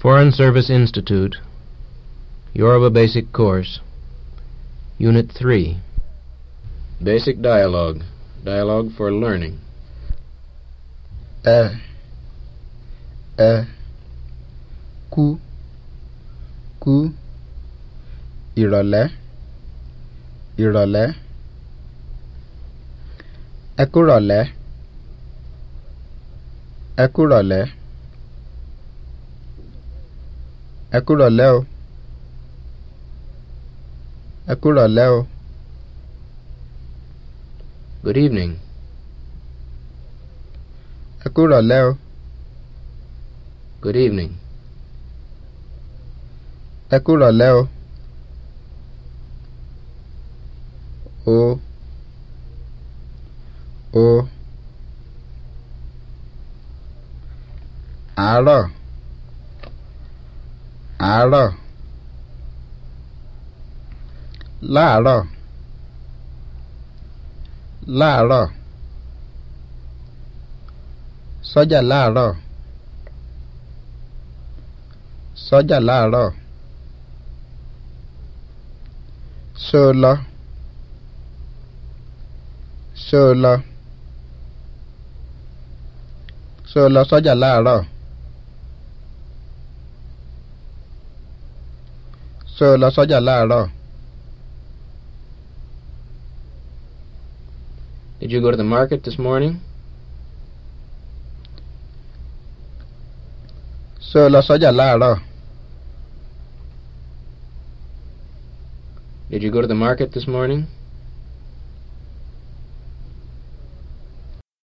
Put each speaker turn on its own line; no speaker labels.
Foreign Service Institute Yoruba Basic Course
Unit 3
Basic Dialogue Dialogue for Learning
Uh Uh Ku Ku Irole Irole Ekurole Ekurole ẹ kú rọ̀lẹ́ o ẹ o. good evening. ẹ kú o. good evening. ẹ kú rọ̀lẹ́ o. o
o àárọ̀ láàárọ̀ láàárọ̀
sọ́jà láàárọ̀ sọ́jà láàárọ̀ ṣó lọ ṣó lọ ṣó lọ sọ́jà láàárọ̀. sọ la lọ sọ́jà láàárọ̀. Did you go to the market this morning? ṣé lọ sọ́jà láàárọ̀. Did you go to the market this morning?